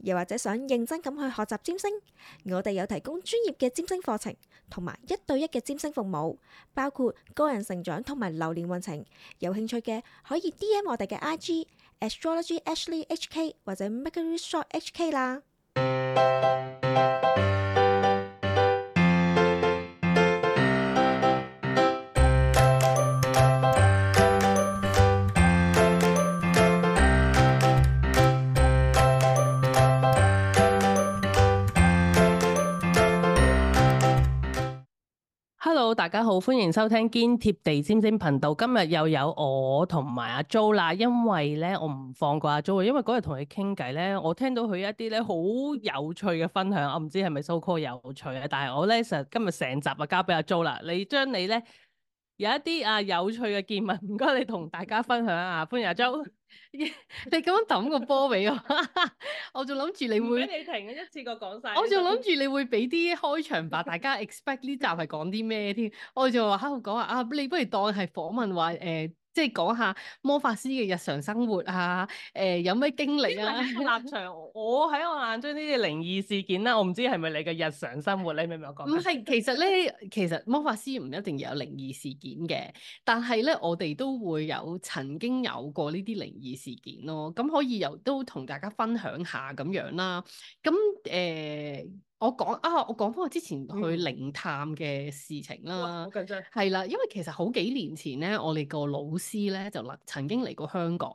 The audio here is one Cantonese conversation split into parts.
又或者想認真咁去學習占星，我哋有提供專業嘅占星課程，同埋一對一嘅占星服務，包括個人成長同埋流年運程。有興趣嘅可以 DM 我哋嘅 IG Astrology Ashley HK 或者 Mercury Shop HK 啦。大家好，歡迎收聽堅貼地占星頻道。今日又有我同埋阿 Jo 啦，因為咧我唔放過阿 Jo 啊，因為嗰日同你傾偈咧，我聽到佢一啲咧好有趣嘅分享，我唔知係咪 so called 有趣啊，但係我咧實今日成集啊交俾阿 Jo 啦，你將你咧。有一啲啊有趣嘅見聞，唔該你同大家分享啊！歡迎阿、啊、Jo，Jo、 你咁樣抌個波俾我， 我仲諗住你會，你停一次過講曬， 我仲諗住你會俾啲開場白，大家 expect 呢集係講啲咩添？我就話喺度講啊，啊你不如當係訪問話誒。呃即係講下魔法師嘅日常生活啊，誒、呃、有咩經歷啊？立場，我喺我眼中呢啲靈異事件啦，我唔知係咪你嘅日常生活，你明唔明我講咩？唔係，其實咧，其實魔法師唔一定要有靈異事件嘅，但係咧，我哋都會有曾經有過呢啲靈異事件咯。咁可以由都同大家分享下咁樣啦。咁誒。呃我講啊，我講翻我之前去靈探嘅事情啦，好緊張，係啦，因為其實好幾年前咧，我哋個老師咧就曾經嚟過香港，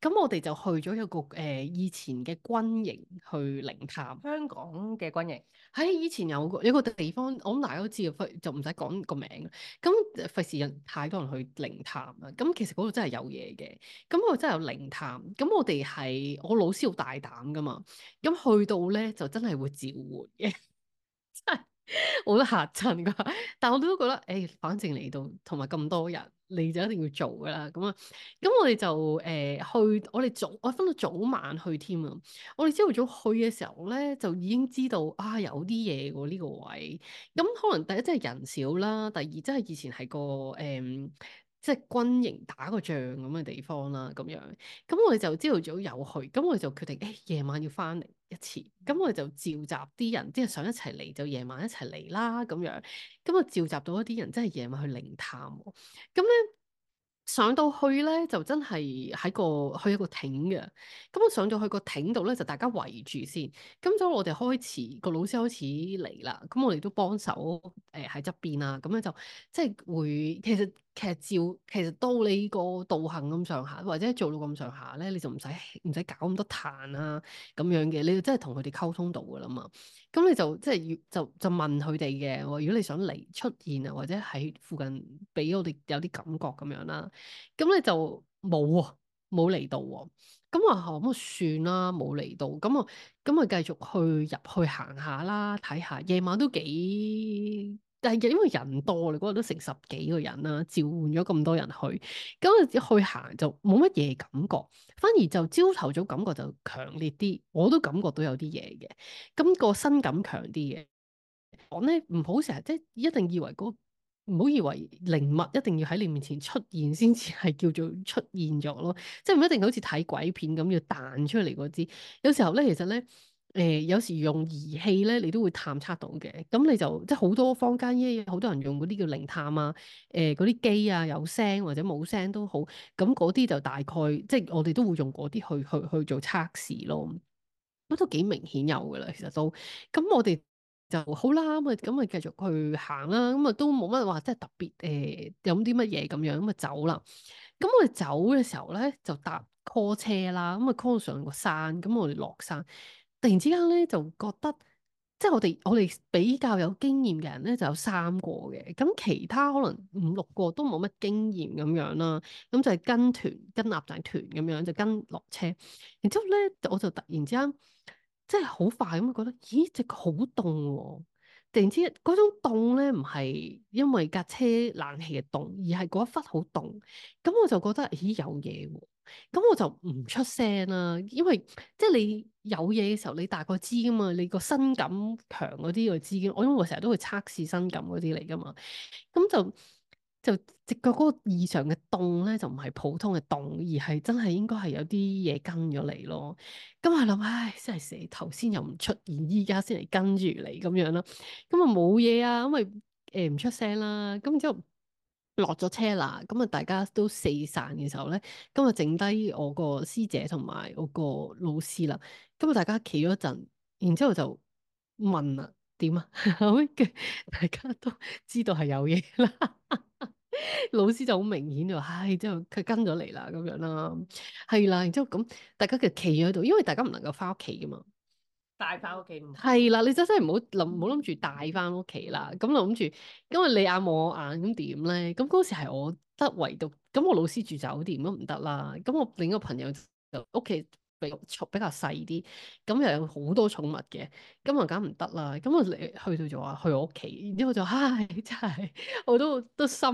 咁我哋就去咗一個誒、呃、以前嘅軍營去靈探香港嘅軍營喺、哎、以前有個有個地方，我諗大家都知嘅，就唔使講個名啦。咁費事人太多人去靈探啦。咁其實嗰度真係有嘢嘅，咁度真係有靈探。咁我哋係我老師好大膽噶嘛，咁去到咧就真係會召喚。真係 我都嚇親噶，但我都都覺得，誒、哎，反正嚟到同埋咁多人，你就一定要做噶啦。咁啊，咁我哋就誒、呃、去，我哋早，我分到早晚去添啊。我哋朝頭早去嘅時候咧，就已經知道啊，有啲嘢嘅呢個位。咁可能第一真係人少啦，第二真係以前係個誒、嗯，即係軍營打個仗咁嘅地方啦。咁樣，咁我哋就朝頭早又去，咁我哋就決定，誒、哎，夜晚要翻嚟。一次，咁我哋就召集啲人，即係想一齊嚟就夜晚一齊嚟啦，咁樣，咁我召集到一啲人，真係夜晚去靈探喎，咁咧上到去咧就真係喺個去一個艇嘅，咁我上到去個艇度咧就大家圍住先，咁就我哋開始個老師開始嚟啦，咁我哋都幫手誒喺側邊啊，咁樣就即係會其實。其實照其實到你個道行咁上下，或者做到咁上下咧，你就唔使唔使搞咁多壇啊咁樣嘅，你就真係同佢哋溝通到㗎喇嘛。咁你就即係要就就問佢哋嘅，如果你想嚟出現啊，或者喺附近俾我哋有啲感覺咁樣啦。咁你就冇喎，冇嚟到喎。咁啊，咁啊算啦，冇嚟到。咁啊，咁啊繼續去入去行下啦，睇下夜晚都幾。但係因為人多，你嗰度都成十幾個人啦，召喚咗咁多人去，咁去行就冇乜嘢感覺，反而就朝頭早感覺就強烈啲，我都感覺到有啲嘢嘅。咁、個身，感強啲嘅，我咧唔好成日即係一定以為嗰唔好以為靈物一定要喺你面前出現先至係叫做出現咗咯，即係唔一定好似睇鬼片咁要彈出嚟嗰支。有時候咧，其實咧。誒、呃、有時用儀器咧，你都會探測到嘅。咁你就即係好多坊間啲嘢，好多人用嗰啲叫靈探啊，誒嗰啲機啊，有聲或者冇聲都好。咁嗰啲就大概即係我哋都會用嗰啲去去去做測試咯。咁都幾明顯有㗎啦，其實都咁我哋就好啦。咁啊咁啊繼續去行啦。咁啊都冇乜話，即係特別誒飲啲乜嘢咁樣咁啊走啦。咁我哋走嘅時候咧就搭 call 車啦。咁啊 call 上個山，咁我哋落山。突然之間咧，就覺得即係我哋我哋比較有經驗嘅人咧，就有三個嘅，咁其他可能五六個都冇乜經驗咁樣啦，咁就係跟團跟鴨仔團咁樣就跟落車，然之後咧我就突然之間即係好快咁覺得咦隻腳好凍，突然之間嗰種凍咧唔係因為架車冷氣嘅凍，而係嗰一忽好凍，咁我就覺得咦有嘢喎。咁我就唔出聲啦，因為即係你有嘢嘅時候，你大概知噶嘛，你個身感強嗰啲我知嘅，我因為我成日都會測試身感嗰啲嚟噶嘛，咁就就直覺嗰個異常嘅動咧，就唔係普通嘅動，而係真係應該係有啲嘢跟咗你咯。咁我諗，唉，真係死，頭先又唔出現，依家先嚟跟住你咁樣咯。咁啊冇嘢啊，咁咪誒唔出聲啦。咁就。呃落咗車啦，咁啊大家都四散嘅時候咧，咁啊剩低我個師姐同埋我個老師啦。咁啊大家企咗陣，然之後就問啊點啊， 大家都知道係有嘢啦。老師就好明顯、哎、就了了，唉，之後佢跟咗嚟啦，咁樣啦，係啦，然之後咁大家就企喺度，因為大家唔能夠翻屋企噶嘛。帶翻屋企？係啦， 你真係唔好諗，唔好諗住帶翻屋企啦。咁諗住，咁啊你眼望我眼咁點咧？咁嗰時係我得唯獨，咁我老師住酒店都唔得啦。咁我另一個朋友就屋企。比較粗比較細啲，咁又有好多寵物嘅，咁啊梗唔得啦，咁我去到就話去我屋企，然之後就唉，真係我都都心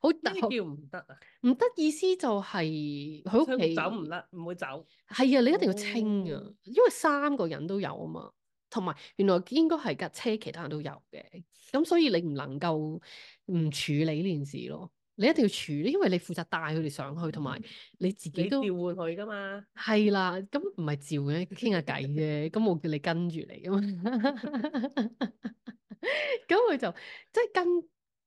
好，點叫唔得啊？唔得意思就係佢屋企走唔甩，唔會走，係啊，你一定要清啊，因為三個人都有啊嘛，同埋原來應該係架車，其他人都有嘅，咁所以你唔能夠唔處理呢件事咯。你一定要處理，因為你負責帶佢哋上去，同埋你自己都調換佢噶嘛。係啦，咁唔係照嘅，傾下偈嘅，咁 我叫你跟住嚟噶嘛，咁佢 就即係、就是、跟。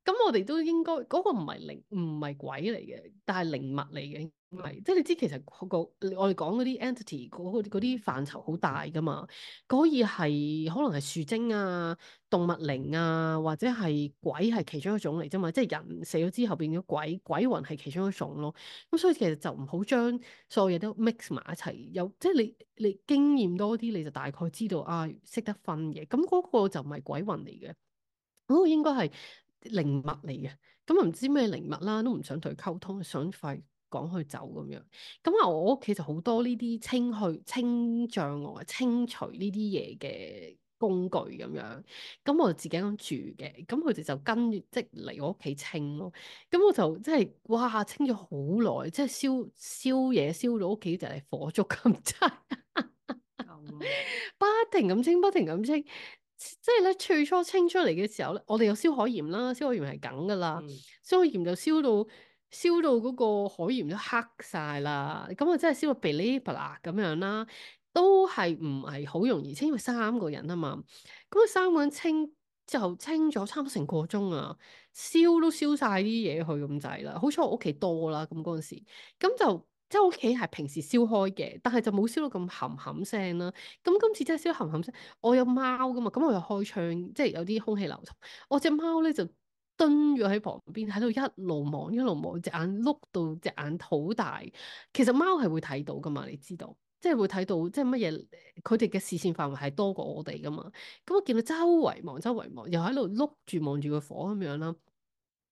咁我哋都應該嗰、嗰個唔係靈唔係鬼嚟嘅，但係靈物嚟嘅，應該即係你知其實、嗰個我哋講嗰啲 entity 嗰、嗰、啲、嗰個、範疇好大㗎嘛，嗰啲係可能係樹精啊、動物靈啊，或者係鬼係其中一種嚟啫嘛，即係人死咗之後變咗鬼，鬼魂係其中一種咯。咁所以其實就唔好將所有嘢都 mix 埋一齊，有即係你你經驗多啲，你就大概知道啊識得分嘅。咁、嗰、嗰個就唔係鬼魂嚟嘅，嗰、嗰個應該係。靈物嚟嘅，咁又唔知咩靈物啦，都唔想同佢溝通，想快趕佢走咁樣。咁、嗯、啊，我屋企就好多呢啲清去清障礙、清除呢啲嘢嘅工具咁樣。咁、嗯、我自己住嘅，咁佢哋就跟住即嚟我屋企清咯。咁、嗯、我就即係哇，清咗好耐，即係燒燒嘢燒到屋企就係火燭咁、啊、滯，真係嗯、 不停咁清，不停咁清。即係咧，最初清出嚟嘅時候咧，我哋有燒海鹽啦，燒海鹽係梗噶啦，嗯、燒海鹽就燒到燒到嗰個海鹽都黑晒啦，咁啊真係燒到噼里啪啦咁樣啦，都係唔係好容易清，因為三個人啊嘛，咁三個人清就清咗差唔多成個鐘啊，燒都燒晒啲嘢，去咁滯啦，好彩我屋企多啦，咁嗰陣時，咁就。即係屋企係平時燒開嘅，但係就冇燒到咁冚冚聲啦。咁、嗯、今次真係燒到冚冚聲，我有貓噶嘛，咁我又開窗，即係有啲空氣流通。我隻貓咧就蹲咗喺旁邊，喺度一路望一路望，隻眼碌到隻眼好大。其實貓係會睇到噶嘛，你知道，即係會睇到即係乜嘢，佢哋嘅視線範圍係多過我哋噶嘛。咁、嗯、我見到周圍望，周圍望，又喺度碌住望住個火咁樣啦。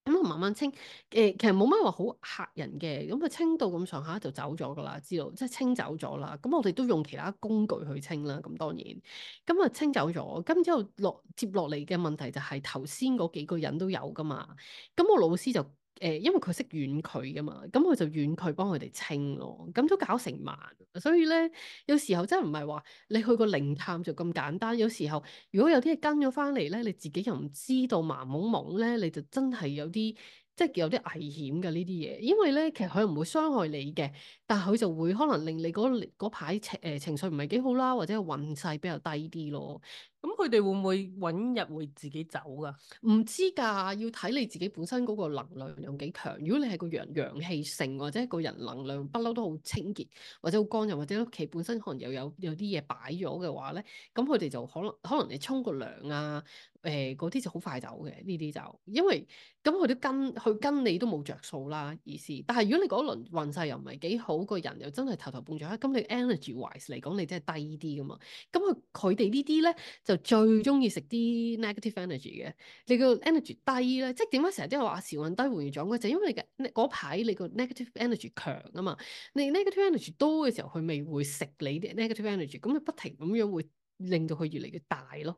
咁啊，嗯、慢慢清，誒，其實冇乜話好嚇人嘅，咁、嗯、啊，清到咁上下就走咗噶啦，知道，即係清走咗啦。咁、嗯、我哋都用其他工具去清啦，咁、嗯、當然，咁、嗯、啊，清走咗，咁之後落接落嚟嘅問題就係頭先嗰幾個人都有噶嘛，咁、嗯、我老師就。誒，因為佢識遠佢㗎嘛，咁佢就遠佢幫佢哋清咯，咁都搞成萬，所以咧有時候真係唔係話你去個靈探就咁簡單，有時候如果有啲嘢跟咗翻嚟咧，你自己又唔知道盲懵懵咧，你就真係有啲即係有啲危險㗎呢啲嘢，因為咧其實佢唔會傷害你嘅。但係佢就會可能令你嗰排情情緒唔係幾好啦，或者運勢比較低啲咯。咁佢哋會唔會揾日會自己走㗎？唔知㗎，要睇你自己本身嗰個能量有幾強。如果你係個陽陽氣性或者個人能量不嬲都好清潔或者好乾，又或者屋企本身可能又有有啲嘢擺咗嘅話咧，咁佢哋就可能可能你沖個涼啊，誒嗰啲就好快走嘅呢啲就，因為咁佢都跟佢跟你都冇着數啦意思。但係如果你嗰輪運勢又唔係幾好。嗰個人又真係頭頭碰咗，咁你 energy wise 嚟講，你真係低啲噶嘛？咁佢佢哋呢啲咧就最中意食啲 negative energy 嘅。你個 energy 低咧，即係點解成日都有話時運低換完獎就係，因為你嘅嗰排你個 negative energy 強啊嘛。你 negative energy 多嘅時候，佢咪會食你啲 negative energy，咁就不停咁樣會令到佢越嚟越大咯。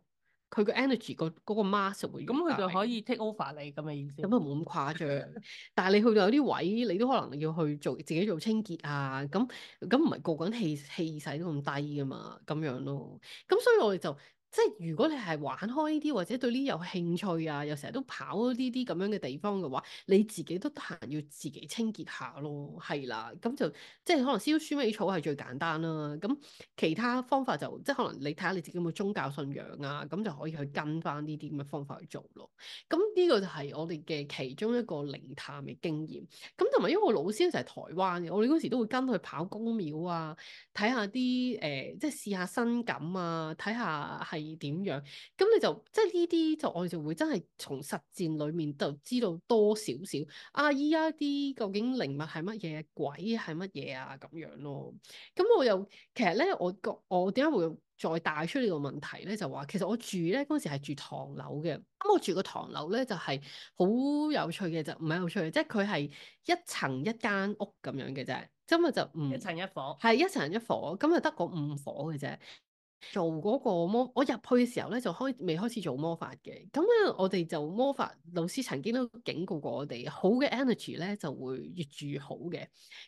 佢個 energy 個嗰個 mass 會咁，佢就可以 take over 你咁嘅意思。咁啊冇咁誇張， 但係你去到有啲位，你都可能要去做自己做清潔啊。咁咁唔係個個人氣氣勢都咁低噶嘛，咁樣咯。咁所以我哋就。即係如果你係玩開呢啲，或者對呢啲有興趣啊，又成日都跑呢啲咁樣嘅地方嘅話，你自己都得閒要自己清潔下咯，係啦。咁就即係可能燒鼠尾草係最簡單啦，啊。咁其他方法就即係可能你睇下你自己有冇宗教信仰啊，咁就可以去跟返呢啲咁嘅方法去做咯。咁呢個就係我哋嘅其中一個靈探嘅經驗。咁同埋因為我老師成日台灣嘅，我哋嗰時都會跟佢去跑公廟啊，睇下啲誒，即係試下新感啊，睇下係。係點樣？咁你就即係呢啲就我哋就會真係從實踐裡面就知道多少少啊，而家啲究竟靈物係乜嘢？鬼係乜嘢啊？咁樣咯。咁我又其實咧，我覺我點解會再帶出呢個問題咧？就話其實我住咧嗰時係住唐樓嘅。咁我住個唐樓咧就係、是、好有趣嘅就唔係有趣嘅，即係佢係一層一間屋咁樣嘅啫。今日就唔一層一房，係一層一房。咁得嗰五房嘅啫。做嗰個魔，我入去嘅時候咧就開未開始做魔法嘅。咁咧我哋就魔法老師曾經都警告過我哋，好嘅 energy 咧就會越住越好嘅，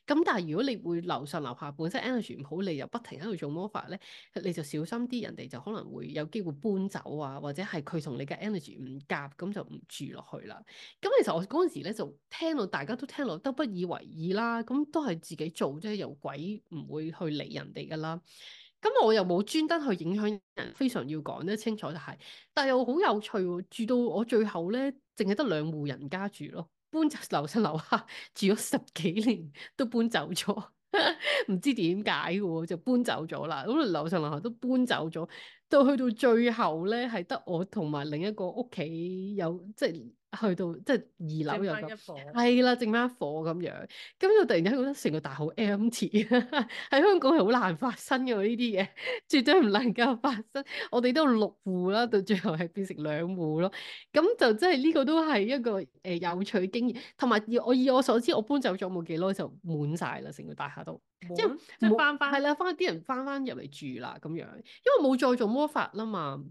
咁但係如果你會樓上樓下本身 energy 唔好，你又不停喺度做魔法咧，你就小心啲，人哋就可能會有機會搬走啊，或者係佢同你嘅 energy 唔夾，咁就唔住落去啦。咁其實我嗰陣時咧就聽到大家都聽落都不以為意啦，咁都係自己做啫，有鬼唔會去理人哋噶啦咁我又冇專登去影響人，非常要講得清楚就係、是，但又好有趣喎、哦。住到我最後咧，淨係得兩戶人家住咯，搬走樓上樓下住咗十幾年都搬走咗，唔 知點解嘅喎就搬走咗啦。咁樓上樓下都搬走咗，到去到最後咧係得我同埋另一個屋企有即係。就是去到即係二樓又咁，係啦，剩翻一夥咁樣。咁就突然間覺得成個大廈好 empty，喺 香港係好難發生嘅喎呢啲嘢，絕對唔能夠發生。我哋都六戶啦，到最後係變成兩戶咯。咁就真係呢個都係一個誒、呃、有趣經驗。同埋我以我所知，我搬走咗冇幾耐就滿晒啦，成個大廈都哇後即係即係翻翻係啦，翻啲人翻翻入嚟住啦咁樣，因為冇再做魔法啦嘛。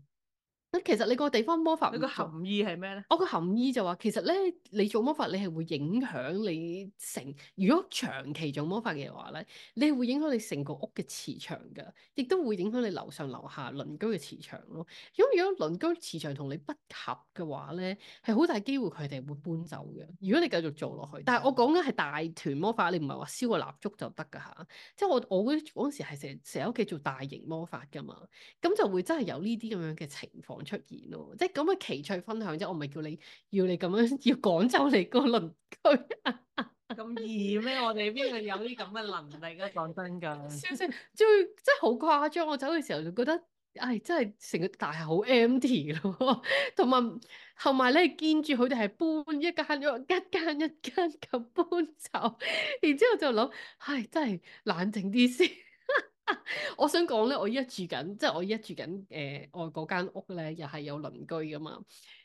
其實你個地方魔法，你個含義係咩咧？我個含義就話，其實咧你做魔法，你係會影響你成，如果長期做魔法嘅話咧，你係會影響你成個屋嘅磁場噶，亦都會影響你樓上樓下鄰居嘅磁場咯。咁如果鄰居磁場同你不合嘅話咧，係好大機會佢哋會搬走嘅。如果你繼續做落去，但係我講緊係大團魔法，你唔係話燒個蠟燭就得噶吓。即係我我嗰嗰時係成成日喺屋企做大型魔法噶嘛，咁就會真係有呢啲咁樣嘅情況。出現咯，即係咁嘅奇趣分享啫，我唔係叫你要你咁樣要趕走你個鄰居，啊，咁易咩？我哋邊度有啲咁嘅能力啊？講真噶，笑聲 最真係好誇張。我走嘅時候就覺得，唉、哎，真係成個大廈好 empty 咯，同埋同埋咧見住佢哋係搬一間咗一間一間咁搬走，然之後就諗，唉、哎，真係冷靜啲先。 我想講咧，我依家住緊，即係我依、呃、家住緊誒，我嗰間屋咧又係有鄰居噶嘛。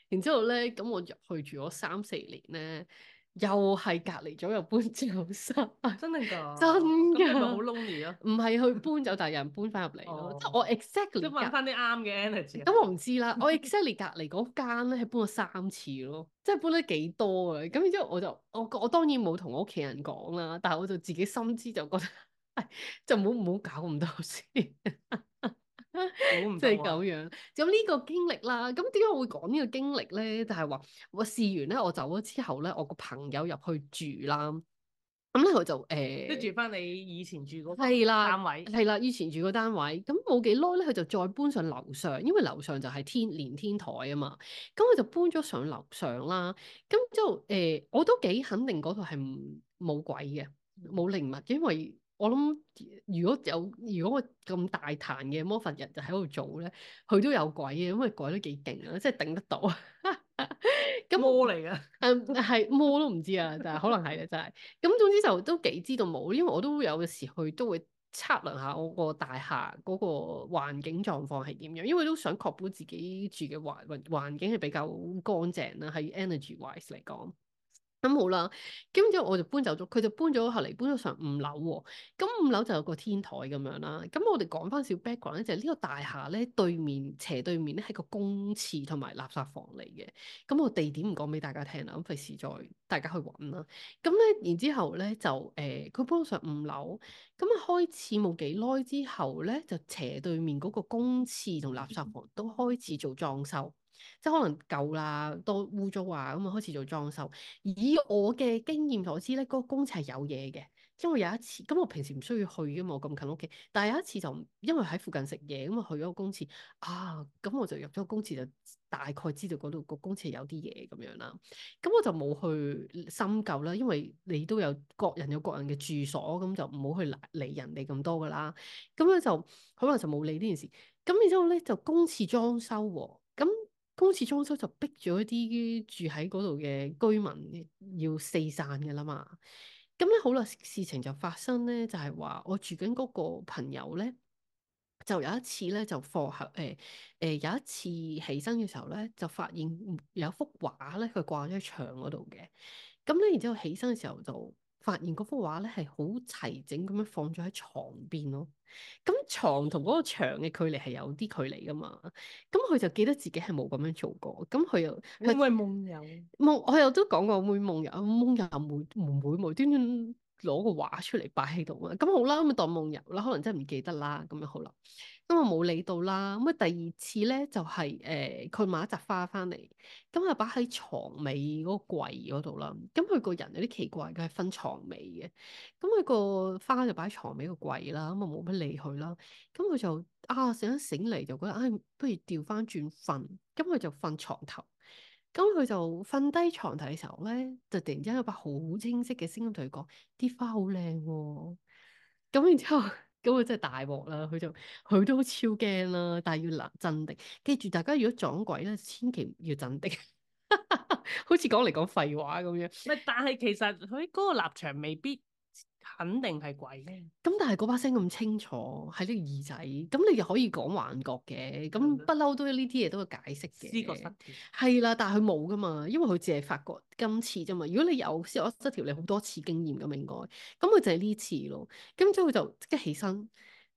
然之後咧，咁我入去住咗三四年咧，又係隔離咗，又搬咗三次。真係的噶， 真噶的，咁咪好 lonely 咯。唔係去搬走，但係人搬翻入嚟咯。即係我 exactly 隔。即係揾翻啲啱嘅 energy。咁我唔知啦，我 exactly 隔籬嗰間咧係搬咗三次咯，即係搬得幾多啊？咁然之後我就，我我當然冇同我屋企人講啦，但係我就自己心知就覺得。 就唔好唔好搞咁多事，即係咁樣。有呢 個經歷啦，咁點解我會講呢個經歷咧？就係、是、話我試完咧，我走咗之後咧，我個朋友入去住啦。咁咧佢就誒，即、欸、住翻你以前住嗰個係啦單位，係啦，啦以前住個單位。咁冇幾耐咧，佢就再搬上樓上，因為樓上就係天連天台啊嘛。咁佢就搬咗上樓上啦。咁之後誒，我都幾肯定嗰度係冇鬼嘅，冇靈物，因為。我諗，如果有如果我咁大壇嘅魔法人就喺度做咧，佢都有鬼嘅，因為鬼都幾勁啊，即係頂得到。咁 那魔嚟噶？嗯，係魔都唔知啊，就 可能係咧，就係。咁總之就都幾知道魔，因為我都有嘅時去都會測量下我個大廈嗰個環境狀況係點樣，因為都想確保自己住嘅環環環境係比較乾淨啦，係 energy wise 嚟講。咁、嗯、好啦，咁之後我就搬走咗，佢就搬咗後嚟，搬咗上五樓喎、哦。咁五樓就有個天台咁樣啦。咁我哋講翻小 background 咧，就呢、係、個大廈咧對面斜對面咧係個公廁同埋垃圾房嚟嘅。咁我地點唔講俾大家聽啦，咁費事再大家去揾啦。咁咧，然後呢、欸、之後咧就誒，佢搬咗上五樓，咁啊開始冇幾耐之後咧，就斜對面嗰個公廁同垃圾房都開始做裝修。即係可能舊啦，多污糟啊，咁啊開始做裝修。以我嘅經驗所知咧，嗰個公廁係有嘢嘅。因為有一次，咁我平時唔需要去噶嘛，我咁近屋企。但係有一次就，因為喺附近食嘢，咁啊去咗個公廁啊，咁我就入咗個公廁就大概知道嗰度個公廁有啲嘢咁樣啦。咁我就冇去深究啦，因為你都有各人有各人嘅住所，咁就唔好去理人哋咁多噶啦。咁樣就可能就冇理呢件事。咁然之後咧就公廁裝修，咁。公廁裝修就逼咗一啲住喺嗰度嘅居民要四散嘅啦嘛，咁咧好啦，事情就發生咧，就係話我住緊嗰個朋友咧，就有一次咧就放學誒誒有一次起身嘅時候咧，就發現有一幅畫咧佢掛咗喺牆嗰度嘅，咁咧然之後起身嘅時候就。發現嗰幅畫咧係好齊整咁樣放咗喺床邊咯，咁床同嗰個牆嘅距離係有啲距離噶嘛。咁佢就記得自己係冇咁樣做過，咁佢又因為夢遊，夢，我又都講過會夢遊，夢遊會唔會無端端？叮叮攞個畫出嚟擺喺度啦，咁好啦，咁咪當夢遊啦，可能真係唔記得啦，咁樣好啦，咁我冇理到啦。咁啊第二次咧就係誒佢買一扎花翻嚟，咁啊擺喺床尾嗰個櫃嗰度啦。咁佢個人有啲奇怪，佢係瞓床尾嘅。咁佢個花就擺喺床尾個櫃啦，咁啊冇乜理佢啦。咁佢就啊醒一醒嚟就覺得唉、哎，不如掉翻轉瞓。咁佢就瞓床頭。咁佢就瞓低床底嘅時候咧，就突然之間有把好清晰嘅聲音同佢講：啲花好靚喎。咁然之後，咁佢真係大鑊啦！佢就佢都超驚啦，但係要冷鎮定。記住，大家如果撞鬼咧，千祈要鎮定。 好似講嚟講廢話咁樣。唔係，但係其實佢嗰個立場未必。肯定係鬼嘅，咁、嗯、但係嗰把聲咁清楚，係呢個耳仔，咁你又可以講幻覺嘅，咁不嬲都呢啲嘢都會解釋嘅。視覺、嗯、失調係啦，但係佢冇噶嘛，因為佢淨係發覺今次啫嘛。如果你有視覺失調，你好多次經驗咁應該，咁佢就係呢次咯。咁之後佢就即刻起身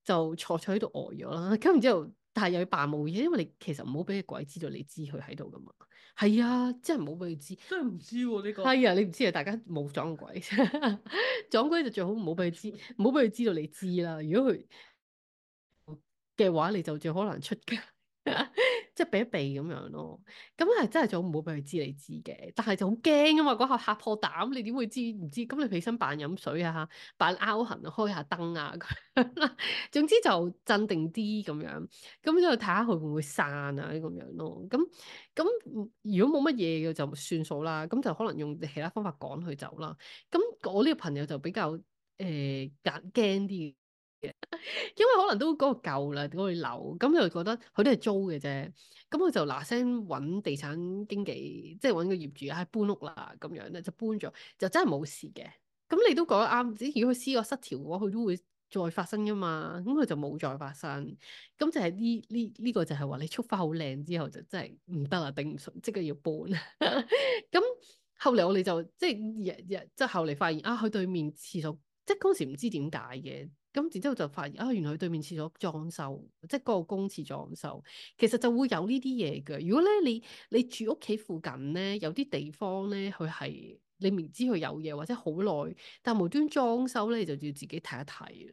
就坐坐喺度呆咗啦。咁然之後。係又要扮無嘢，因為你其實唔好俾個鬼知道你知佢喺度噶嘛。係啊，真係唔好俾佢知。真係唔知喎，你講。係啊，你唔、啊、知啊，大家冇撞鬼， 撞鬼就最好唔好俾佢知，唔好俾佢知道你知啦。如果佢嘅話，你就最可能出街。 即係避一避咁樣咯，咁係真係就唔好俾佢知你知嘅，但係就好驚啊嘛！嗰下嚇破膽，你點會知唔知？咁你起身扮飲水啊，嚇，扮凹痕啊，開下燈啊，佢啦。總之就鎮定啲咁樣，咁之後睇下佢會唔會散啊咁樣咯。咁咁如果冇乜嘢嘅就算數啦。咁就可能用其他方法趕佢走啦。咁我呢個朋友就比較誒驚啲。呃 因為可能都嗰個舊啦，嗰、嗰個樓咁就覺得佢都係租嘅啫，咁佢就嗱聲搵地產經紀，即係搵個業主，係、哎、搬屋啦，咁樣咧就搬咗，就真係冇事嘅。咁你都講得啱，只、啊、係如果思覺失調嘅話，佢都會再發生噶嘛。咁佢就冇再發生，咁就係呢呢呢個就係話你觸翻好靚之後就真係唔得啦，頂唔順，即刻要搬。咁 後嚟我哋就即係日日即係後嚟發現啊，佢對面廁所，即係嗰時唔知點解嘅。咁然之後就發現啊，原來佢對面廁所裝修，即係嗰個公廁裝修，其實就會有呢啲嘢嘅。如果咧，你你住屋企附近咧，有啲地方咧佢係你明知佢有嘢，或者好耐，但無端裝修咧，你就要自己睇一睇。因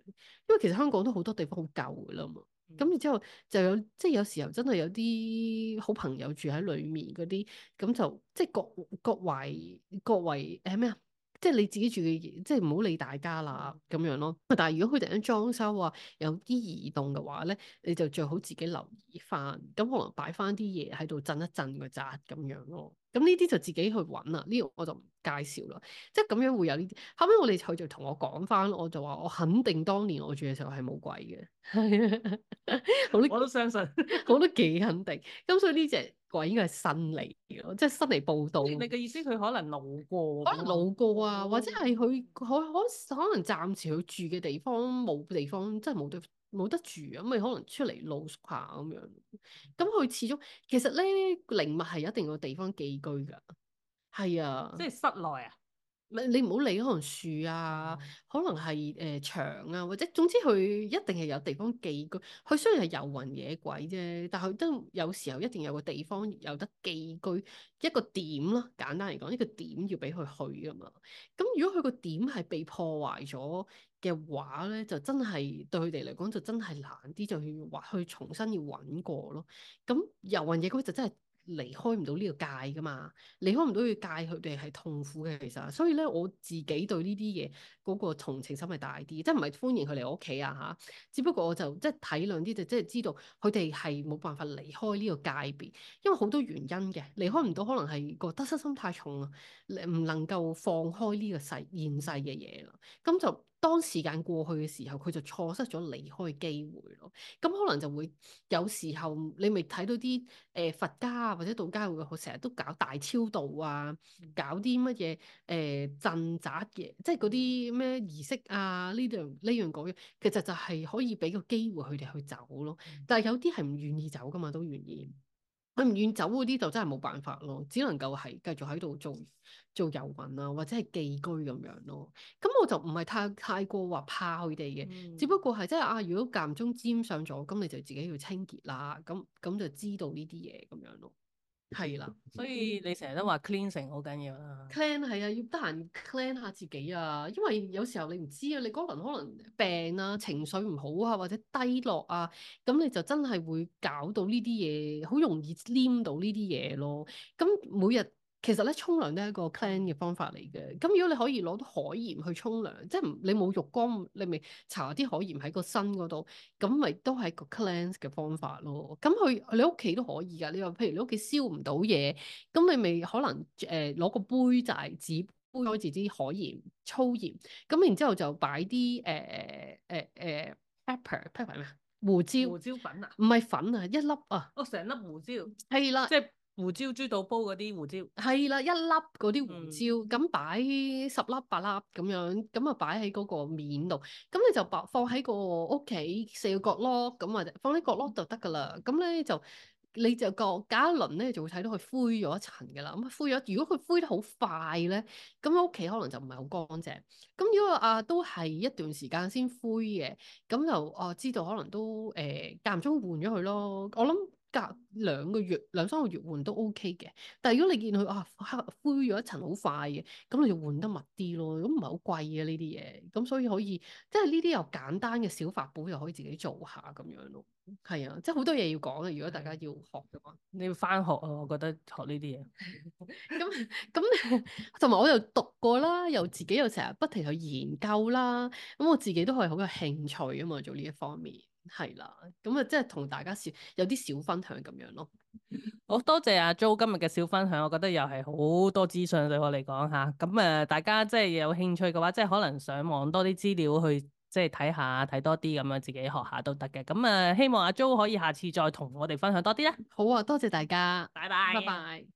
為其實香港都好多地方好舊㗎啦嘛。咁然、嗯、之後就有即係、就是、有時候真係有啲好朋友住喺裡面嗰啲，咁就即係各各懷各懷誒咩啊？即係你自己住嘅嘢，即係唔好理大家啦咁樣咯。但係如果佢突然間裝修啊，有啲移動嘅話咧，你就最好自己留意翻，咁可能擺翻啲嘢喺度震一震個宅咁樣咯。咁呢啲就自己去揾啦。呢個我就唔介紹啦。即係咁樣會有呢啲。後尾我哋佢就同我講翻，我就話我肯定當年我住嘅時候係冇鬼嘅。係 啊都，我都相信， 我都幾肯定。咁所以呢隻。應該係新嚟嘅，即係新嚟報到，你嘅意思，佢可能路過，可能路過啊，嗯、或者係佢可可可能暫時佢住嘅地方冇地方，即係冇得冇得住、啊，咁咪可能出嚟露宿下咁樣。咁佢始終其實咧靈物係一定有一個地方寄居㗎，係啊，即係室內啊。你唔好理可能樹啊，可能係誒牆啊，或者總之佢一定係有地方寄居。佢雖然係遊魂野鬼啫，但係都有時候一定有個地方有得寄居一個點咯。簡單嚟講，呢個點要俾佢去噶嘛。咁如果佢個點係被破壞咗嘅話咧，就真係對佢哋嚟講就真係難啲，就要話去重新要揾過咯。咁遊魂野鬼就真係。離開唔到呢個界噶嘛，離開唔到呢個界，佢哋係痛苦嘅其實。所以咧，我自己對呢啲嘢嗰個同情心係大啲，即係唔係歡迎佢嚟我屋企啊吓，只不過我就即係體諒啲，就即係知道佢哋係冇辦法離開呢個界別，因為好多原因嘅，離開唔到可能係個得失心太重啦，唔能夠放開呢個世現世嘅嘢啦，咁就。當時間過去嘅時候，佢就錯失咗離開嘅機會咯。咁可能就會有時候，你咪睇到啲誒、呃、佛家或者道家會好成日都搞大超度啊，搞啲乜嘢誒鎮宅嘅，即係嗰啲咩儀式啊呢樣呢樣嗰樣，其實就係可以俾個機會佢哋去走咯。但係有啲係唔願意走噶嘛，都願意。佢唔願走嗰啲就真係冇辦法咯，只能夠係繼續喺度做做遊魂啊，或者係寄居咁樣咯。咁我就唔係太太過話怕佢哋嘅，嗯、只不過係真係啊，如果間中沾上咗，咁你就自己要清潔啦。咁咁就知道呢啲嘢咁樣咯。係啦，所以你成日都話 cleaning 好緊要啦。clean 係啊，要得閒 clean 下自己啊，因為有時候你唔知啊，你嗰輪可能病啦，啊，情緒唔好啊，或者低落啊，咁你就真係會搞到呢啲嘢，好容易黏到呢啲嘢咯。咁每日。其實咧，沖涼都係一個 cleanse 嘅方法嚟嘅。咁如果你可以攞到海鹽去沖涼，即係你冇浴缸，你咪搽啲海鹽喺個身嗰度，咁咪都係個 cleanse 嘅方法咯。咁佢你屋企都可以㗎。你話譬如你屋企燒唔到嘢，咁你咪可能誒攞、呃、個杯仔係紙杯，攞住啲海鹽粗鹽，咁然之後就擺啲誒誒誒 pepper pepper 咩胡椒胡椒粉啊？唔係粉啊，一粒啊哦，成粒胡椒係啦，即係。胡椒豬肚煲嗰啲胡椒，係啦，一粒嗰啲胡椒，咁擺、嗯、十粒八粒咁樣，咁啊擺喺嗰個面度，咁你就擺放喺個屋企四個角落，咁啊放喺角落就得噶啦。咁咧就你就覺隔一輪咧，就會睇到佢灰咗一層噶啦。咁灰咗，如果佢灰得好快咧，咁屋企可能就唔係好乾淨。咁如果啊都係一段時間先灰嘅，咁就啊知道可能都誒間唔中換咗佢咯。我諗。隔兩個月兩三個月換都 OK 嘅，但係如果你見佢啊黑灰咗一層好快嘅，咁你就換得密啲咯。咁唔係好貴嘅呢啲嘢，咁所以可以即係呢啲又簡單嘅小法寶，又可以自己做下咁樣咯。係啊，即係好多嘢要講啊。如果大家要學嘅話，你要返學啊？我覺得學呢啲嘢。咁 咁、 嗯，同、嗯、埋我又讀過啦，又自己又成日不停去研究啦。咁我自己都係好有興趣啊嘛，做呢一方面。係啦，咁啊，即係同大家少有啲小分享咁樣咯。好多謝阿 Jo 今日嘅小分享，我覺得又係好多資訊對我嚟講吓。咁啊，大家即係有興趣嘅話，即係可能上網多啲資料去即係睇下，睇多啲咁樣自己學下都得嘅。咁啊，希望阿 Jo 可以下次再同我哋分享多啲咧。好啊，多謝大家，拜拜 bye，拜拜。